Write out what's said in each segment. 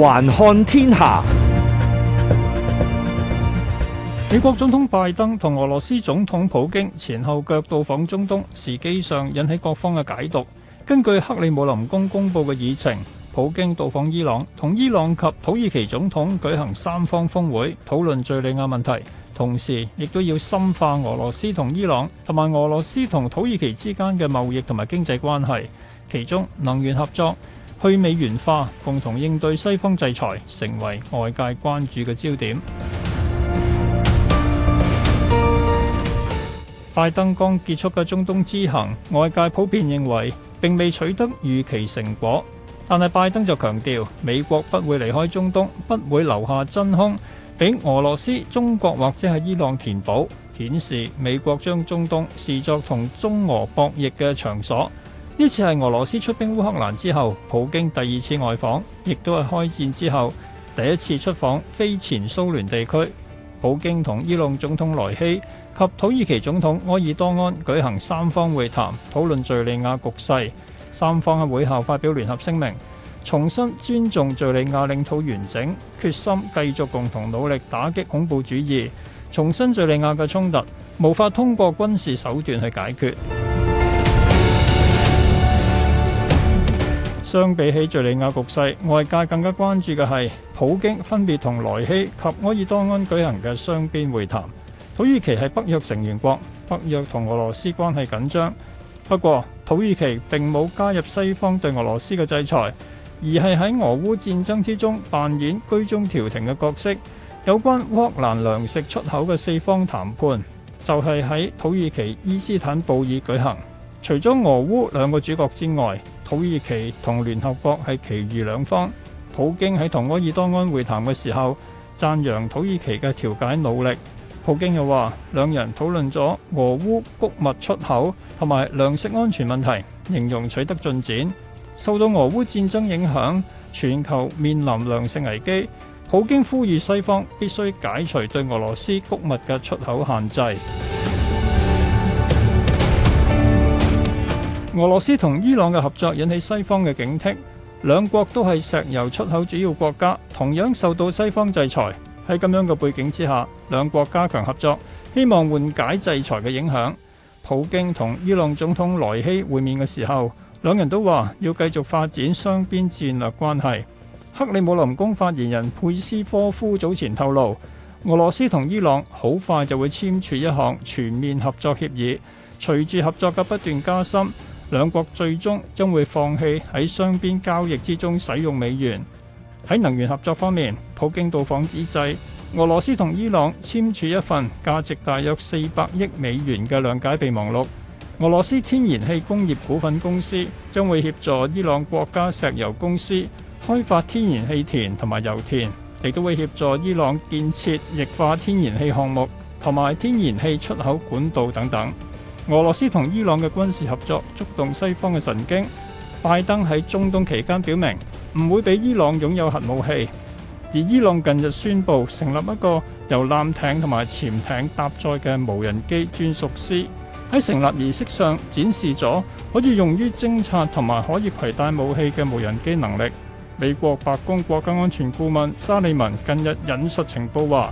環看天下，美國總統拜登同俄羅斯總統普京前後腳到訪中東，時機上引起各方嘅解讀。根據克里姆林宮公布嘅議程，普京到訪伊朗，同伊朗及土耳其總統舉行三方峰會，討論敘利亞問題，同時亦都要深化俄羅斯同伊朗同埋俄羅斯同土耳其之間嘅貿易同埋經濟關係，其中能源合作。去美元化，共同應對西方制裁，成為外界關注嘅焦點。 拜登剛結束嘅中東之行，外界普遍認為並未取得預期成果，但係拜登就強調美國不會離開中東，不會留下真空俾俄羅斯、中國或者係伊朗填補，顯示美國將中東視作同中俄博弈嘅場所。呢次係俄羅斯出兵烏克蘭之後，普京第二次外訪，亦都係開戰之後第一次出訪非前蘇聯地區。普京同伊朗總統萊希及土耳其總統埃爾多安舉行三方會談，討論敍利亞局勢。三方喺會後發表聯合聲明，重申尊重敍利亞領土完整，決心繼續共同努力打擊恐怖主義。重申敍利亞嘅衝突無法通過軍事手段去解決。相比起敍利亞局勢，外界更加關注嘅係普京分別同萊希及埃爾多安舉行嘅雙邊會談。土耳其係北約成員國，北約同俄羅斯關係緊張，不過土耳其並冇加入西方對俄羅斯嘅制裁，而係喺俄烏戰爭之中扮演居中調停嘅角色。有關烏克蘭糧食出口嘅四方談判，就係、是、喺土耳其伊斯坦布爾舉行。除咗俄烏兩個主角之外，土耳其同聯合國係其餘兩方。普京喺同埃爾多安會談嘅時候，讚揚土耳其嘅調解努力。普京又話，兩人討論咗俄烏谷物出口同埋糧食安全問題，形容取得進展。受到俄烏戰爭影響，全球面臨糧食危機。普京呼籲西方必須解除對俄羅斯谷物嘅出口限制。俄羅斯同伊朗嘅合作引起西方嘅警惕，兩國都係石油出口主要國家，同樣受到西方制裁。喺咁樣嘅背景之下，兩國加強合作，希望緩解制裁嘅影響。普京同伊朗總統萊希會面嘅時候，兩人都話要繼續發展雙邊戰略關係。克里姆林宮發言人佩斯科夫早前透露，俄羅斯同伊朗好快就會簽署一項全面合作協議，隨住合作嘅不斷加深。兩國最終將會放棄喺雙邊交易之中使用美元。喺能源合作方面，普京到訪之際，俄羅斯同伊朗簽署一份價值大約四百億美元嘅諒解備忘錄。俄羅斯天然氣工業股份公司將會協助伊朗國家石油公司開發天然氣田同埋油田，亦都會協助伊朗建設液化天然氣項目同埋天然氣出口管道等等。俄羅斯同伊朗嘅軍事合作觸動西方嘅神經。拜登喺中東期間表明唔會俾伊朗擁有核武器，而伊朗近日宣布成立一個由艦艇同埋潛艇搭載嘅無人機專屬師。喺成立儀式上展示咗可以用於偵察同埋可以攜帶武器嘅無人機能力。美國白宮國家安全顧問沙利文近日引述情報話，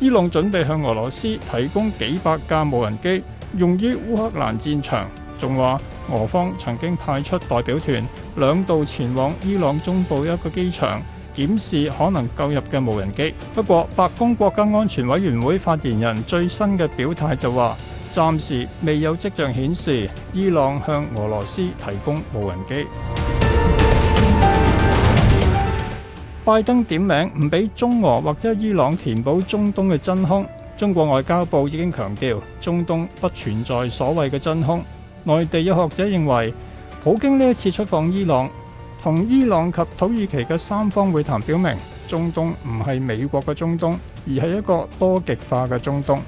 伊朗準備向俄羅斯提供幾百架無人機。用於烏克蘭戰場，仲話俄方曾經派出代表團兩度前往伊朗中部一個機場檢視可能購入嘅無人機。不過白宮國家安全委員會發言人最新嘅表態就話，暫時未有跡象顯示伊朗向俄羅斯提供無人機。 拜登點名唔俾中俄或者伊朗填補中東嘅真空。中國外交部已經強調，中東不存在所謂嘅真空。內地有學者認為，普京呢一次出訪伊朗，同伊朗及土耳其嘅三方會談，表明中東唔係美國嘅中東，而係一個多極化嘅中東。